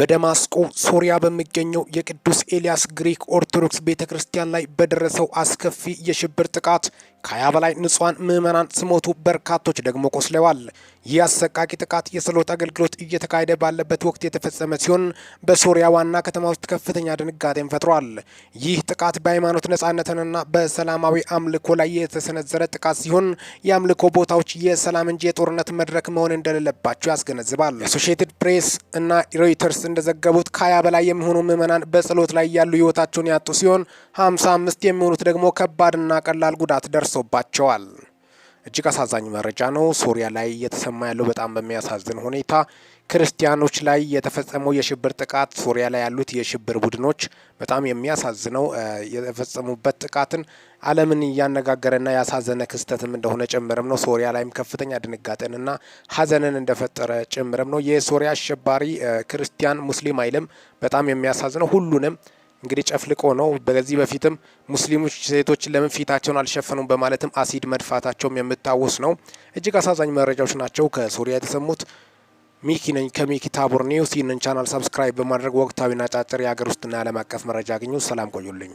በደማስቆ ሶሪያ በሚገኘው የቅዱስ ኤልያስ ግሪክ ኦርቶዶክስ ቤተ ክርስቲያን ላይ በደረሰው አስከፊ የሽብር ጥቃት ከሀያ በላይ ንጹሐን ምዕመናን ስሞቱ በርካቶች ደግሞ ቆስለዋል። ይህ አሰቃቂ ጥቃት የጸሎት አገልግሎት እየተካሄደ ባለበት ወቅት የተፈጸመ ሲሆን በሶሪያ ዋና ከተማ ውስጥ ከፍተኛ ድንጋጤን ፈጥሯል። ይህ ጥቃት በሃይማኖት ነጻነትንና በሰላማዊ አምልኮ ላይ የተሰነዘረ ጥቃት ሲሆን የአምልኮ ቦታዎች የሰላም እንጂ የጦርነት መድረክ መሆን እንደሌለባቸው ያስገነዝባል። አሶሽትድ ፕሬስ እና ሮይተርስ እንደዘገቡት ከሀያ በላይ የሚሆኑ ምዕመናን በጸሎት ላይ ያሉ ህይወታቸውን ያጡ ሲሆን ሀምሳ አምስት የሚሆኑት ደግሞ ከባድና ቀላል ጉዳት ደርሷል። ደርሶባቸዋል። እጅግ አሳዛኝ መረጃ ነው። ሶሪያ ላይ እየተሰማ ያለው በጣም በሚያሳዝን ሁኔታ ክርስቲያኖች ላይ የተፈጸመው የሽብር ጥቃት ሶሪያ ላይ ያሉት የሽብር ቡድኖች በጣም የሚያሳዝነው የተፈጸሙበት ጥቃትን ዓለምን እያነጋገረና ያሳዘነ ክስተትም እንደሆነ ጭምርም ነው። ሶሪያ ላይም ከፍተኛ ድንጋጤንና ሐዘንን እንደፈጠረ ጭምርም ነው። የሶሪያ አሸባሪ ክርስቲያን ሙስሊም አይልም። በጣም የሚያሳዝነው ሁሉንም እንግዲህ ጨፍልቆ ነው። በዚህ በፊትም ሙስሊሞች ሴቶችን ለምን ፊታቸውን አልሸፈኑም በማለትም አሲድ መድፋታቸውም የምታወስ ነው። እጅግ አሳዛኝ መረጃዎች ናቸው ከሱሪያ የተሰሙት። ሚኪ ነኝ ከሚኪ ታቦር ኒውስ። ይህንን ቻናል ሰብስክራይብ በማድረግ ወቅታዊና ጫጭር የሀገር ውስጥና ዓለም አቀፍ መረጃ አግኙ። ሰላም ቆዩልኝ።